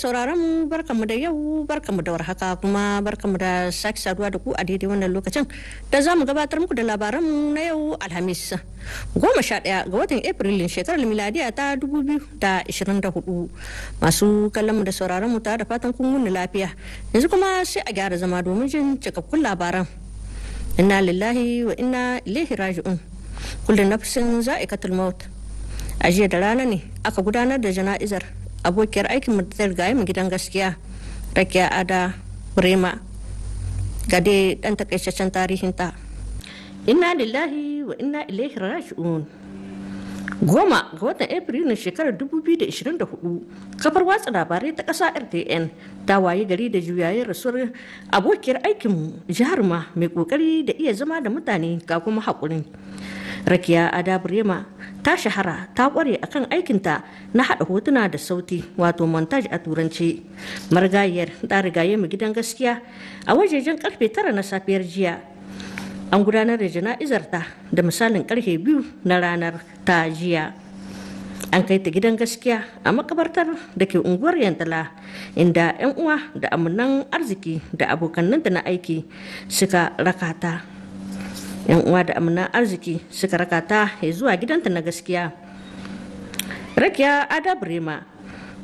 sauraron mu barkamu da yau barkamu da warhaka kuma barkamu da sake saduwa da ku a daidai wannan lokacin da za mu gabatar muku da labaran mu na yau alhamis goma sha daya ga watan afrilin shekarar miladiya ta dubu biyu da ishirin da hudu masu kallon mu da sauraron mu ta da fatan kun wuni lafiya yanzu kuma sai a gyara zama domin jin cikakkun labaran inna lillahi wa inna ilaihi raji'un kullum nafsin za'ikatul maut a jiya da rana ne aka gudanar da jana'izar abokiyar aikin mu da rigaye mu gidan gaskiya rakiya ada rema ga dai dan takaitaccen tarihin ta inna lillahi wa inna ilaihi raji'un goma ga watan afrilun shekarar 2024 kafar watsa labarai ta ƙasa rtn ta waye gari da juyayen rasuwar abokiyar jihar ma mai ƙoƙari da iya zama da mutane ga kuma haƙurin rakiya ada burema ta shahara ta kware kan aikinta na haɗa hotuna da sauti wato montage a turanci marigayiyar ta rigaye mu gidan gaskiya a wajejen karfe tara na safiyar jiya an gudanar da jana'izar ta da misalin karfe biyu na ranar ta jiya an kai ta gidan gaskiya a makabartar da ke unguwar yantala inda 'yan uwa da amunan arziki da abokananta na aiki suka rakata yan uwa da amina arziki suka raka ta zuwa gidanta na gaskiya rakiya ada brema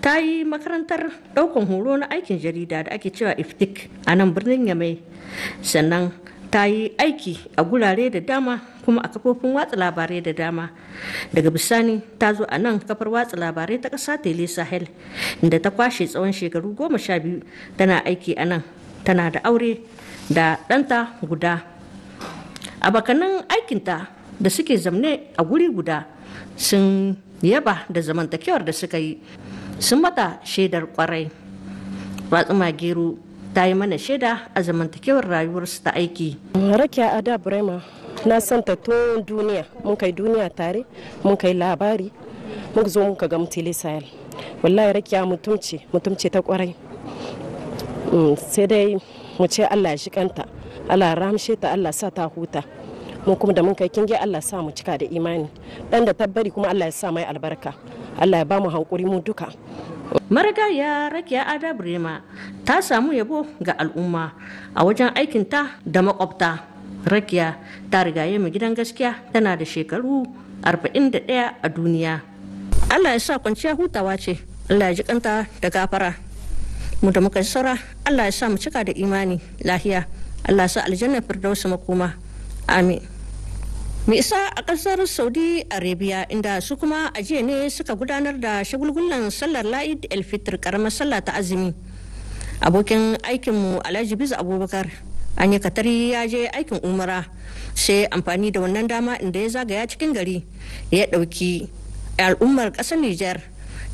ta yi makarantar daukan horo na aikin jarida da ake cewa iftik a nan birnin yamai sannan ta yi aiki a gurare da dama kuma a kafofin watsa labarai da dama daga bisani ta zo a nan kafar watsa labarai ta ƙasa tele sahel inda ta kwashe tsawon shekaru goma sha biyu tana aiki a nan tana da aure da ɗanta guda a bakanin aikinta da suke zamne a guri guda sun yaba da zamantakewar da suka yi sun mata shaidar kwarai fatsuma gero ta yi mana shaida a zamantakewar rayuwarsu ta aiki rakiya ada burema na santa tun duniya mun kai duniya tare mun kai labari mun zo muka ga mutile sayal wallahi rakiya mutumce mutumce ta kwarai mm, sai dai mu ce allah shi kanta Allah ramshe ta Allah sa ta huta mu kuma da mun kai kinge Allah sa mu cika da imani dan da tabbari kuma Allah ya sa mai albarka Allah ya ba mu hankuri mu duka ya rakiya ada brema ta samu yabo ga al'umma a wajen aikinta da makwabta rakiya ta rigaye mu gidan gaskiya tana da shekaru 41 a duniya Allah ya sa kwanciya hutawa ce Allah ya ji kanta da gafara mu da muka saura Allah ya sa mu cika da imani lahiya Allah sa aljanna firdausu makoma amin mai isa a kasar saudi arabia inda su kuma ajiye ne suka gudanar da shagulgulan sallar la'id alfitr karamar sallah ta azumi abokin aikinmu alhaji biz abubakar an yi katari ya je aikin umara sai amfani da wannan dama inda ya zagaya cikin gari ya ɗauki al'ummar ƙasar nijar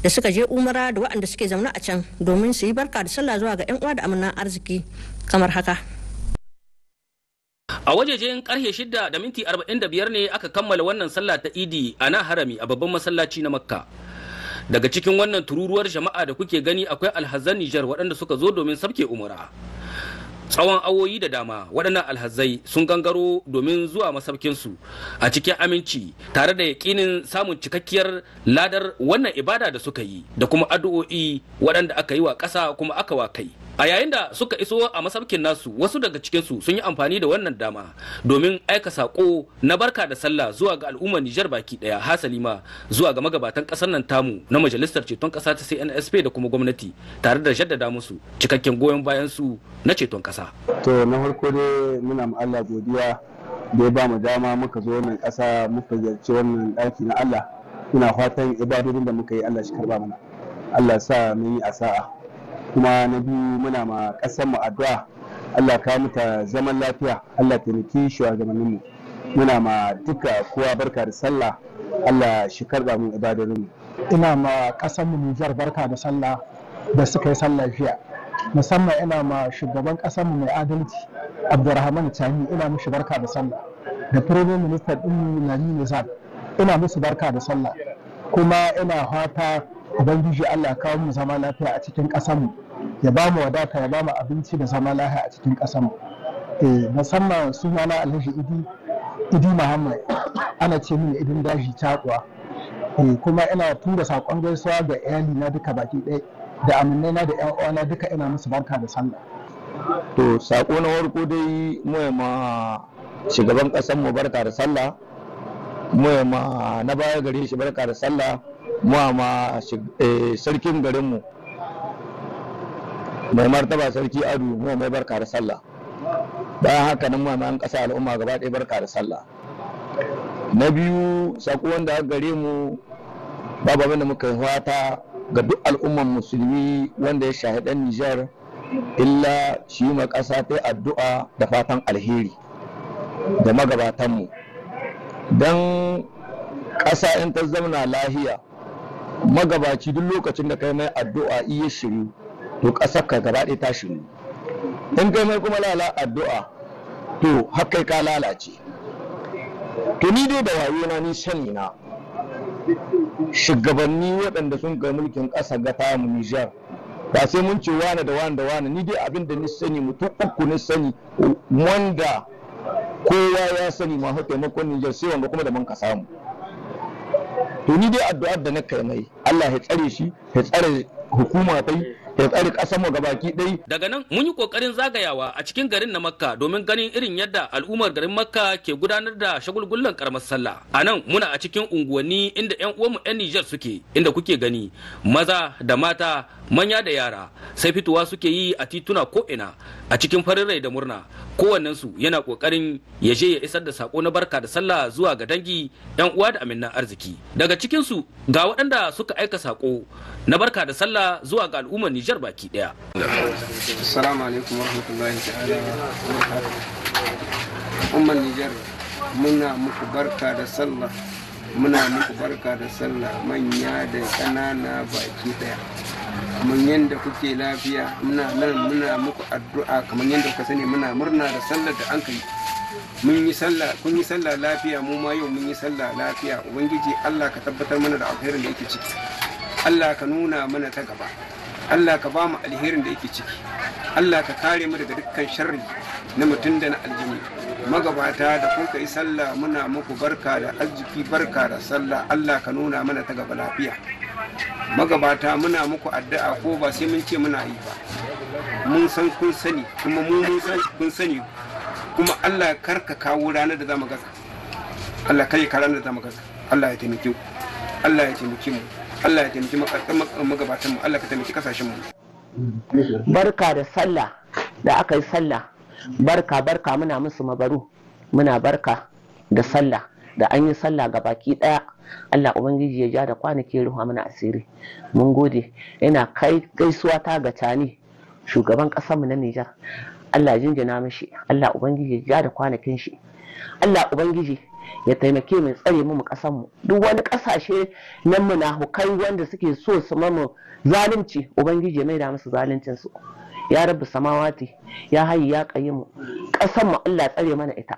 da suka je umara da waɗanda suke zaune a can domin su yi barka da sallah zuwa ga 'yan uwa da amanan arziki kamar haka a wajejen karfe shida da minti da biyar ne aka kammala wannan sallah ta idi a nan harami a babban masallaci na makka daga cikin wannan tururuwar jama'a da kuke gani akwai alhazan nijar waɗanda suka zo domin sabke umura. tsawon awoyi da dama waɗannan alhazai sun gangaro domin zuwa masabkinsu a cikin aminci tare da yaƙinin samun cikakkiyar ladar wannan ibada da suka yi da kuma addu'o'i waɗanda aka yi wa ƙasa kuma aka wa kai a yayin da suka iso a masaukin nasu wasu daga cikinsu sun yi amfani da wannan dama domin aika sako na barka da sallah zuwa ga al'ummar nijar baki daya hasali zuwa ga magabatan kasar nan tamu na majalisar ceton kasa ta cnsp da kuma gwamnati tare da jaddada musu cikakken goyon bayan su na ceton kasa to na farko dai muna ma Allah godiya da ba mu dama muka zo wannan kasa muka ziyarci wannan daki na Allah ina fatan ibadodin da muka yi Allah shi karba mana Allah sa mun yi asa'a kuma na biyu muna ma ƙasar mu addu'a Allah ka muta zaman lafiya Allah taimaki shugabannin mu muna ma duka kowa barka da sallah Allah shi karba mu ibadarin mu ina ma ƙasar mu Nijar barka da sallah da suka yi sallah jiya musamman ina ma shugaban ƙasar mu mai adalci Abdulrahman Tani ina mishi barka da sallah da Prime Minister din mu Nani ina musu barka da sallah kuma ina fata ubangiji Allah kawo mu zama lafiya a cikin ƙasar mu ya ba mu wadata ya ba mu abinci da zama lafiya a cikin ƙasar mu eh musamman sunana Alhaji Idi Idi Muhammad ana ce mini idin daji cakuwa eh kuma ina tura saƙon gaisuwa ga iyali na duka baki ɗaya da aminai na da ƴan uwana duka ina musu barka da sallah to sako na farko dai mu ma shugaban ƙasar mu barka da sallah mu ma na baya gare shi barka da sallah muwama eh, sarkin garinmu mai martaba sarki adu mu mai barka da sallah bayan haka nan muwama an ƙasa al'umma gaba ɗaya barka da sallah na biyu sako wanda aka gare mu babu abin muka yi fata ga duk al'umman musulmi wanda ya shahidan nijar illa shi ma ƙasa ta addu'a da fatan alheri da magabatanmu don ƙasa in ta zauna lahiya magabaci duk lokacin da kai mai addu'a iya shiru to ƙasar ka gaba ɗaya ta shiru in kai mai kuma lala addu'a to hakai ka lalace to ni dai da wayo na ni sani na shugabanni waɗanda sun ga mulkin ƙasa ga mu Nijar ba sai mun ce wane da wane da wane ni dai abin da ni sani mutum uku ni sani wanda kowa ya sani ma taimakon Nijar sai wanda kuma da mun ka samu to ni dai addu'ar da na kai mai Allah ya tsare shi ya tsare hukuma dai ya tsare kasar mu gabaki dai daga nan mun yi kokarin zagayawa a cikin garin na Makka domin ganin irin yadda al'ummar garin Makka ke gudanar da shagulgullan karamar sallah a nan muna a cikin unguwanni inda yan uwanmu yan Niger suke inda kuke gani maza da mata manya da yara sai fitowa suke yi a tituna ko ina a cikin farin rai da murna kowannensu yana kokarin ya je ya isar da sako na barka da sallah zuwa ga dangi yan uwa da aminnan arziki daga cikinsu ga waɗanda suka aika sako na barka da sallah zuwa ga al'ummar Nijar baki daya assalamu alaikum warahmatullahi ta'ala umman Nijar muna muku barka da sallah muna muku barka da sallah manya da ƙanana baki daya kamar yadda kuke lafiya muna nan muna muku addu'a kamar yadda kuka sani muna murna da sallar da an kai mun yi sallah kun yi sallah lafiya mu ma yau mun yi sallah lafiya ubangiji Allah ka tabbatar mana da alherin da yake ciki Allah ka nuna mana ta gaba Allah ka ba mu alherin da yake ciki Allah ka kare mu daga dukkan sharri na mutum da na aljini magabata da kun kai sallah muna muku barka da arziki barka da sallah Allah ka nuna mana ta gaba lafiya magabata muna muku addu'a ko ba sai mun ce muna yi ba mun san kun sani kuma mu mun san kun sani kuma Allah karka kawo ranar da zamu gaza Allah kai ka ranar da zamu gaza Allah ya taimake ku Allah ya taimake mu Allah ya taimake magabatan mu Allah ka taimake kasashen mu barka da sallah da aka yi sallah barka barka muna musu mabaru muna barka da sallah da an yi sallah ga baki daya Allah ubangiji ya ja da kwanaki ruwa mana asiri mun gode yana kai gaisuwa ta ga tani shugaban kasar na Nijar Allah jinjina mishi Allah ubangiji ya ja da kwanakin shi Allah ubangiji ya taimake mu tsare mu kasar mu duk wani kasashe na hukai wanda suke so su mamu zalunci ubangiji ya maida musu zaluncin su ya rabu samawati ya hayi ya qayyimu kasar mu Allah tsare mana ita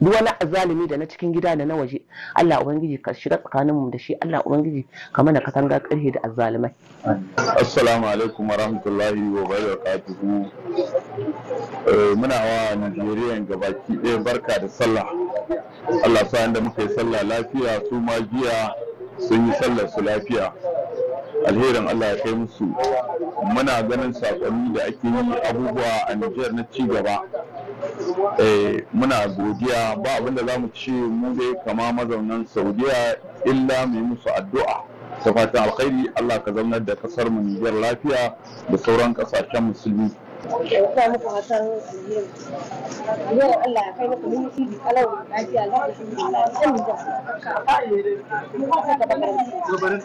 duk wani azalimi da na cikin gida da na waje Allah ubangiji ka shiga tsakanin mu da shi Allah ubangiji ka mana katanga karhe da azalimai assalamu alaikum warahmatullahi wabarakatuhu eh, muna wa Najeriya gabaki ɗaya barka da sallah Allah sa inda muka yi sallah lafiya su ma jiya sun yi sallar su lafiya alherin Allah ya kai musu muna ganin sakonni da ake yi abubuwa a Nijar na ci gaba muna godiya ba abinda za mu ce mu dai kama mazaunan saudiya illa mai musu addu'a ta fatan alkhairi allah ka zaunar da kasar mu nijar lafiya da sauran kasashen musulmi ya muku fatan alheri yau Allah kai muku mun ci bi alau lafiya alhamdulillah san da ka mu ba ka bakarin gobarin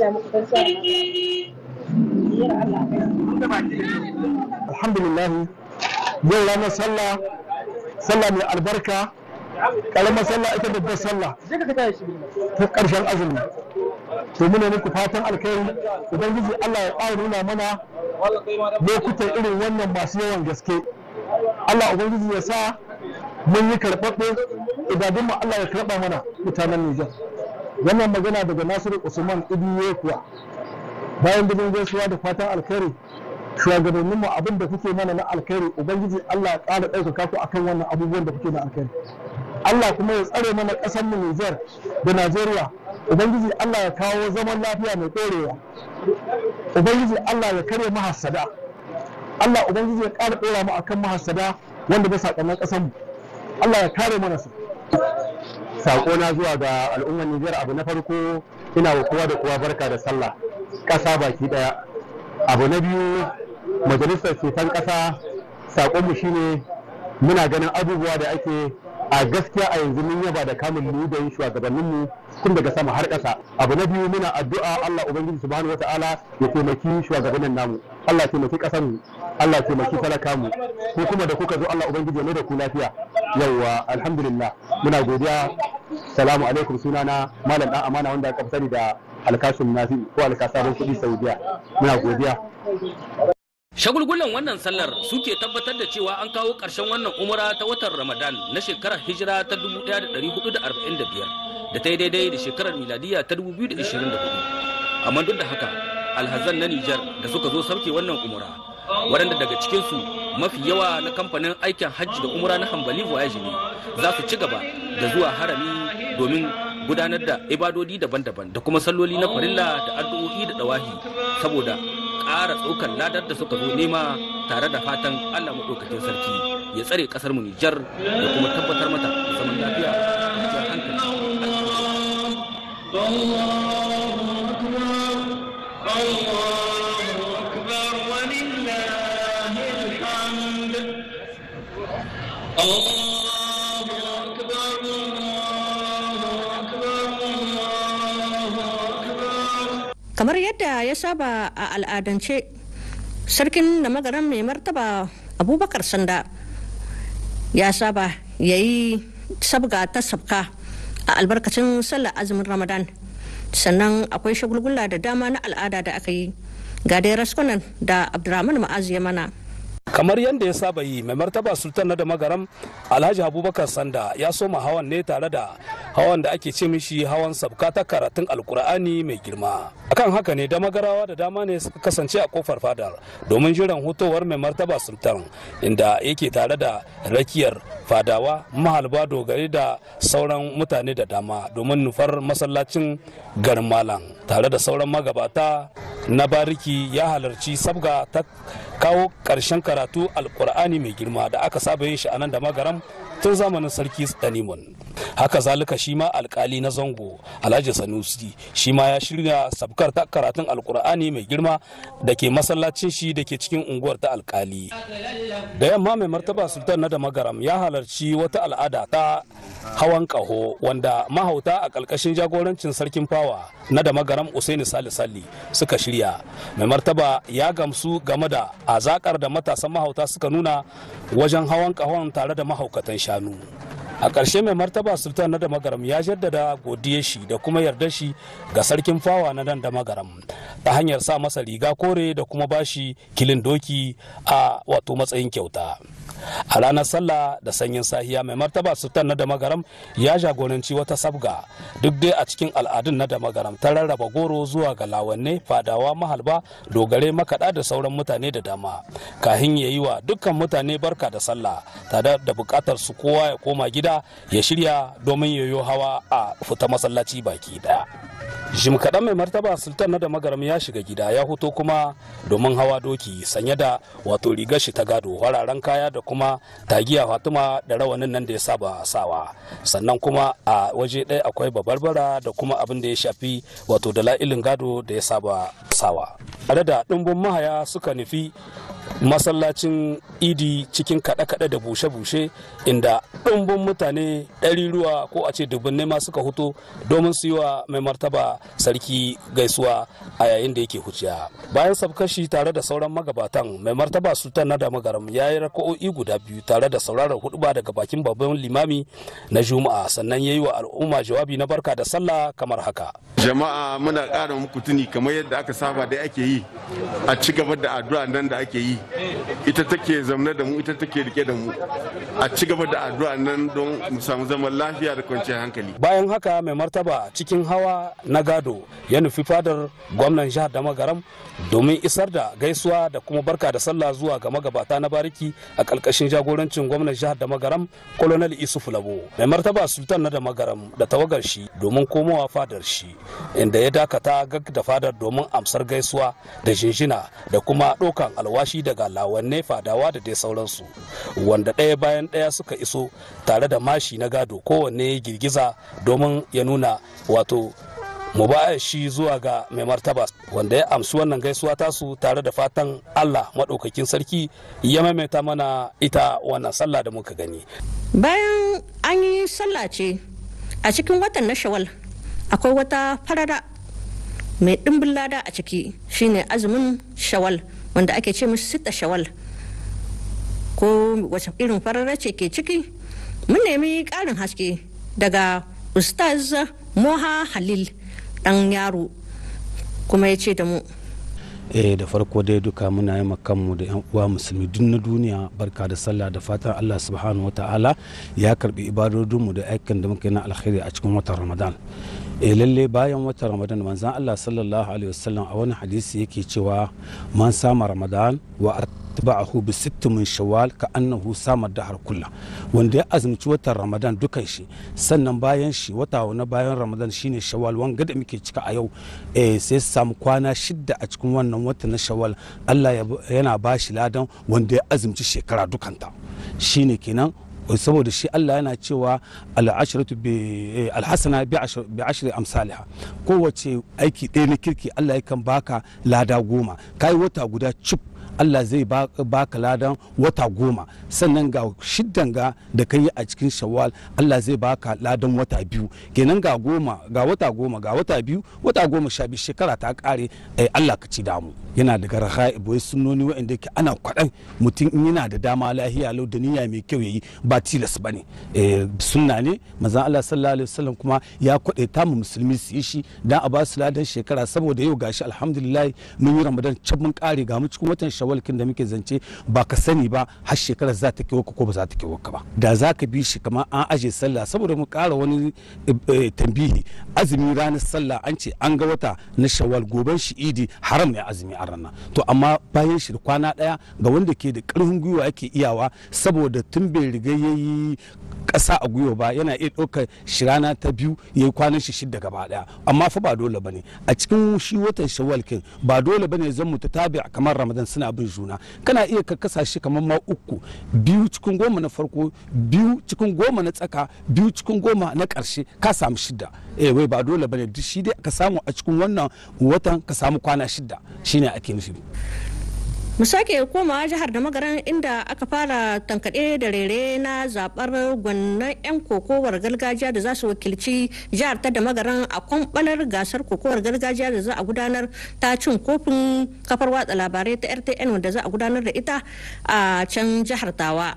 ya muku fatan alhamdulillah yau ranar sallah sallah mai albarka karamar sallah ita babbar sallah ta ƙarshen azumi to muna muku fatan alkhairi gizi Allah ya ƙara nuna mana lokutan irin wannan masu yawan gaske Allah ubangiji ya sa mun yi karɓaɓɓe idadin mu Allah ya karɓa mana mutanen Nijar wannan magana daga Nasiru Usman Ibn Yekuwa bayan gidan gaisuwa da fatan alkairi shugabanninmu abin da kuke mana na alkhairi ubangiji Allah ya ƙara ɗaukaka ku akan wannan abubuwan da kuke na alkhairi Allah kuma ya tsare mana ƙasar mu Niger da Najeriya ubangiji Allah ya kawo zaman lafiya mai ɗorewa ubangiji Allah ya kare mahassada Allah ubangiji ya ƙara ɗora mu akan mahassada wanda ba saƙonnan ƙasar mu Allah ya kare mana su sako na zuwa ga al'ummar Niger abu na farko ina wa kowa da kowa barka da sallah ƙasa baki ɗaya abu na biyu majalisar ceton kasa saƙonmu shine muna ganin abubuwa da ake a gaskiya a yanzu mun yaba da kamun ludayin shugabanninmu kun daga sama har ƙasa abu na biyu muna addu'a Allah ubangiji subhanahu wataala ya taimaki shugabannin namu Allah ya taimaki ƙasar mu Allah ya taimaki talaka mu ko kuma da kuka zo Allah ubangiji ya da ku lafiya yawwa alhamdulillah muna godiya salamu alaikum sunana malam dan amana wanda ka sani da alkashin nasi ko alkasarin kuɗi saudiya muna godiya shagulgulan wannan sallar suke tabbatar da cewa an kawo ƙarshen wannan umura ta watan ramadan na shekarar hijira ta 1445 da ta yi daidai da shekarar miladiya ta 2024 amma duk da haka alhazan na nijar da suka zo sauke wannan umura waɗanda daga cikinsu mafi yawa na kamfanin aikin hajji da umura na hambali voyage ne za su ci gaba da zuwa harami domin gudanar da ibadodi daban-daban da kuma salloli na farilla da addu'o'i da dawahi saboda ƙara tsokan ladar da suka zo nema tare da fatan Allah maɗaukakin sarki ya tsare ƙasar mu Nijar da kuma tabbatar mata zaman lafiya Allah ya saba a al'adance sarkin da magaran mai martaba abubakar sanda ya saba ya yi sabga ta sabka a albarkacin sallar azumin ramadan sannan akwai shagulgula da dama na al'ada da aka yi ga dai raskunan da abdulrahman ma'azu ya mana kamar yadda ya saba yi mai martaba sultan na da magaram alhaji abubakar sanda ya soma hawan ne tare da hawan da ake ce mishi hawan sabka ta karatun alkur'ani mai girma akan haka ne da magarawa da dama ne suka kasance a kofar fadar domin jiran hutowar mai martaba sultan inda yake tare da rakiyar fadawa mahalba dogari da sauran mutane da dama domin nufar masallacin garin malam tare da sauran magabata na bariki ya halarci sabga ta kawo ƙarshen karatu alƙur'ani mai girma da aka saba yin shi a nan da magaram tun zamanin sarki Danimun. Haka zalika shi ma alkali na zango Alhaji Sanusi shi ma ya shirya sabkar ta karatun alkur'ani mai girma da ke masallacin shi da ke cikin unguwar ta alkali. Da yamma mai martaba sultan na da ya halarci wata al'ada ta hawan kaho wanda mahauta a ƙarƙashin jagorancin sarkin fawa na da magaram Usaini Sali Sali suka shirya. Mai martaba ya gamsu game da azakar da matasan mahauta suka nuna wajen hawan kahon tare da mahaukatan shanu a ƙarshe mai martaba sultan na damagaram ya jaddada godiye shi da kuma yarda shi ga sarkin fawa na nan da magaram ta hanyar sa masa riga kore da kuma bashi kilin doki a wato matsayin kyauta a ranar sallah da sanyin sahiya mai martaba sultan na damagaram ya jagoranci wata sabga duk dai a cikin al'adun na damagaram ta rarraba goro zuwa ga lawanne fadawa mahalba dogare makaɗa da sauran mutane da dama kahin ya yi wa dukkan mutane barka da sallah tare da buƙatar su kowa ya koma gida ya shirya domin yoyo hawa a fita masallaci baki ɗaya jim kaɗan mai martaba sultan na damagaram ya shiga gida ya hoto kuma domin hawa doki sanye da wato rigar shi ta gado wararen kaya da kuma tagiya fatima da rawanin nan da ya saba sawa sannan kuma a waje ɗaya akwai babarbara da kuma abin da ya shafi wato da la'ilin gado da ya saba sawa tare da ɗumbin mahaya suka nufi masallacin idi cikin kaɗe-kaɗe da bushe-bushe inda ɗumbin mutane ɗari ruwa ko a ce dubbin nema suka huto domin su yi wa mai martaba sarki gaisuwa a yayin da yake huciya bayan sabkashi tare da sauran magabatan mai martaba sultan na damagaram ya yi rako'o'i guda biyu tare da sauraron huɗuba daga bakin babban limami na juma'a sannan ya yi wa al'umma jawabi na barka da sallah kamar haka jama'a muna ƙara muku tuni kamar yadda aka saba da ake yi a ci gaba da addu'a nan da ake yi ita take zamne da mu ita take rike da mu a ci gaba da addu'a nan don mu samu zaman lafiya da kwanciyar hankali bayan haka mai martaba cikin hawa na gado ya nufi fadar gwamnan jihar da magaram domin isar da gaisuwa da kuma barka da sallah zuwa ga magabata na bariki a ƙarƙashin jagorancin gwamnan jihar da magaram colonel isuf labo mai martaba sultan na da magaram da tawagar shi domin komowa fadar shi inda ya dakata gag da fadar domin amsar gaisuwa da shinshina da kuma dokan alwashi daga lawanne fadawa da dai sauransu wanda ɗaya bayan ɗaya suka iso tare da mashi na gado kowanne girgiza domin ya nuna wato mubayar shi zuwa ga mai martaba wanda ya amsu wannan gaisuwa tasu tare da fatan allah maɗaukakin sarki ya maimaita mana ita wannan sallah da muka gani bayan an yi sallah ce a cikin watan na shawal akwai wata farara mai ɗimbin lada a ciki shine azumin shawal wanda ake ce mishi sita shawal ko wace irin farara ce ke ciki mun nemi ƙarin haske daga ustaz moha halil ɗan yaro kuma ya ce da mu eh da farko dai duka muna yi kanmu da yan uwa musulmi duk na duniya barka da sallah da fatan Allah subhanahu ta'ala ya karbi ibadodinmu da aikin da muka yi na alkhairi a cikin watan Ramadan eh lalle bayan watan Ramadan manzon Allah sallallahu alaihi wasallam a wani hadisi yake cewa man sama Ramadan wa itba'ahu bi sitt min ka annahu samar da harkulla wanda ya azumci watan ramadan dukan shi sannan bayan shi wata na bayan ramadan shine shawwal wanga da muke cika a yau eh sai samu kwana shidda a cikin wannan watan na shawwal Allah yana ba shi ladan wanda ya azumci shekara dukanta shine saboda shi Allah yana cewa al'ashratu bi alhasana bi ashri amsalha kowace aiki ɗaya na kirki Allah yakan baka lada goma ka yi wata guda cip Allah zai baka ladan wata goma sannan ga shiddan ga da ka yi a cikin shawwal Allah zai baka ladan wata biyu kenan ga goma ga wata goma ga wata biyu wata goma sha biyu shekara ta kare eh, Allah ka ci damu yana da garha ibo sunnoni wa'anda ke ana kwaɗan mutum in yana da dama lahiya lau da niyya mai kyau yayi ba tilas ba ne eh, sunna ne manzon Allah sallallahu alaihi wasallam kuma ya ta mu musulmi su yi shi dan a ba su ladan shekara saboda yau gashi alhamdulillah mun yi ramadan can mun kare ga mu cikin watan shawwal walkin da muke zance ba ka sani ba har shekarar za ta kiwo ko ba za ta kiwo ba da za ka bi shi kamar an aje sallah saboda mu kara wani eh, eh, tambihi azumi ranar sallah an ce an ga wata na shawal goben shi idi haram ne azumi a ranar to amma bayan shi da kwana ɗaya ga wanda ke da karfin gwiwa yake iyawa saboda tun bai riga yayi ƙasa a gwiwa ba yana iya ɗaukar shirana rana ta biyu ya yi kwanan shi shidda gaba ɗaya amma fa ba dole bane a cikin shi watan shawwal kin ba dole bane zan mu ta tabi kamar ramadan suna bin juna kana iya ka kasa shi kamar ma uku biyu cikin goma na farko biyu cikin goma na tsaka biyu cikin goma na ƙarshe ka samu shidda eh wai ba dole bane duk shi dai ka samu a cikin wannan watan ka samu kwana shidda shine ake nufi mu sake komawa jihar da magaran inda aka fara tankaɗe da rere na zaɓar gwannan 'yan kokowar gargajiya da za su wakilci jihar ta da magaran a kwamɓalar gasar kokowar gargajiya da za a gudanar ta cin kofin kafar watsa labarai ta rtn wanda za a gudanar da ita a can jihar tawa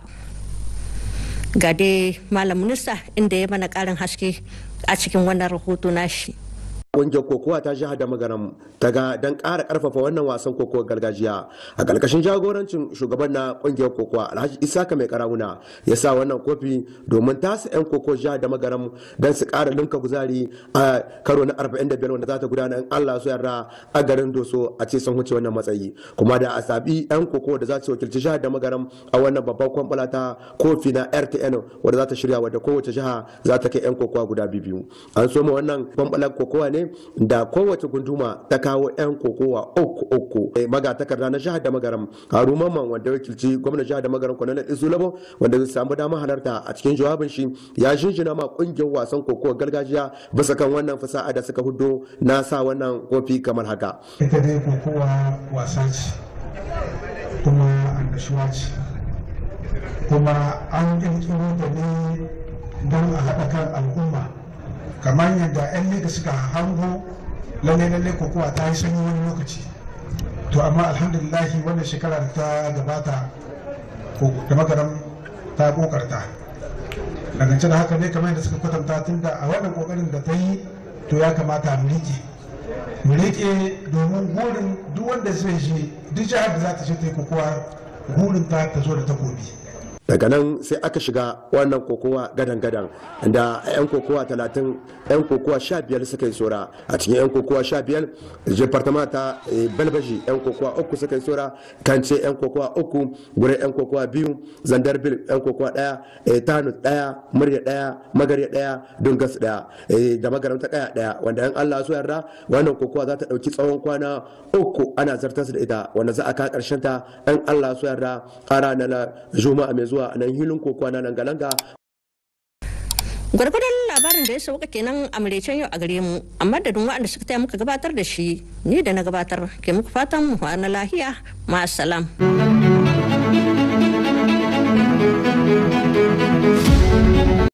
gade malam minista inda ya mana ƙarin haske a cikin wannan rahoto nashi. kungiyar kokowa ta jihar da maganar ta ga don ƙara ƙarfafa wannan wasan kokowar gargajiya a ƙarƙashin jagorancin shugaban na kungiyar kokowa alhaji isaka mai karawuna ya sa wannan kofi domin tasa 'yan kokowar jihar da maganar don su kara linka kuzari a karo na 45 wanda za ta gudana in allah su yarda a garin doso a ce sun huce wannan matsayi kuma da a sabi 'yan kokowar da za su wakilci jiha da maganar a wannan babban kwamfala ta kofi na rtn wadda za ta shirya wadda kowace jiha za ta kai 'yan kokowa guda biyu an soma wannan kwamfalar kokowa ne da kowace gunduma ta kawo 'yan kokowa uku uku eh, magatakarda na jihar da magaram haru mamman wanda wakilci gwamnan jihar da magaram kwanan isu labo wanda zai samu damar halarta a cikin jawabin shi ya jinjina ma kungiyar wasan kokowar gargajiya bisa kan wannan fasaha da suka hudo na sa wannan kofi kamar haka ita dai kokowa wasa ce kuma annashuwa ce kuma an ƙirƙiro ta ne don a haɗa kan al'umma kamar yadda 'yan lega suka hango lalle lalle kokowa ta yi sanyi wani lokaci to amma alhamdulillahi wannan shekara da ta gabata ko da magaram ta kokarta daga da haka ne kamar yadda suka kwatanta tunda a wannan kokarin da ta yi to ya kamata mu rike mu rike domin gurin duk wanda zai je duk jihar da za ta je ta yi kokowa gurin ta ta zo da takobi daga nan sai aka shiga wannan kokowa gadan-gadan da 'yan kokowa 30 'yan kokowa 15 suka yi tsora a cikin 'yan kokowa 15 departament ta eh, balbashi 'yan kokowa 3 suka yi tsora kan ce 'yan kokowa 3 gure 'yan kokowa 2 zandarbil 'yan kokowa 1 eh, tanu 1 murya 1 magarya 1 dungas 1 eh, da magaram ta kaya daya wanda 'yan allah su yarda wannan kokowa za ta dauki tsawon kwana 3 ana zartar da ita wanda za a ka karshen ta 'yan allah su yarda a ranar juma'a mai zuwa nan hilin kokowa na nan galanga. gwargwadon labarin da ya sauka kenan a maraicen yau a gare mu a madadin waɗanda suka taya muka gabatar da shi ni da na gabatar ke muku fatan mu na lahiya ma'asalam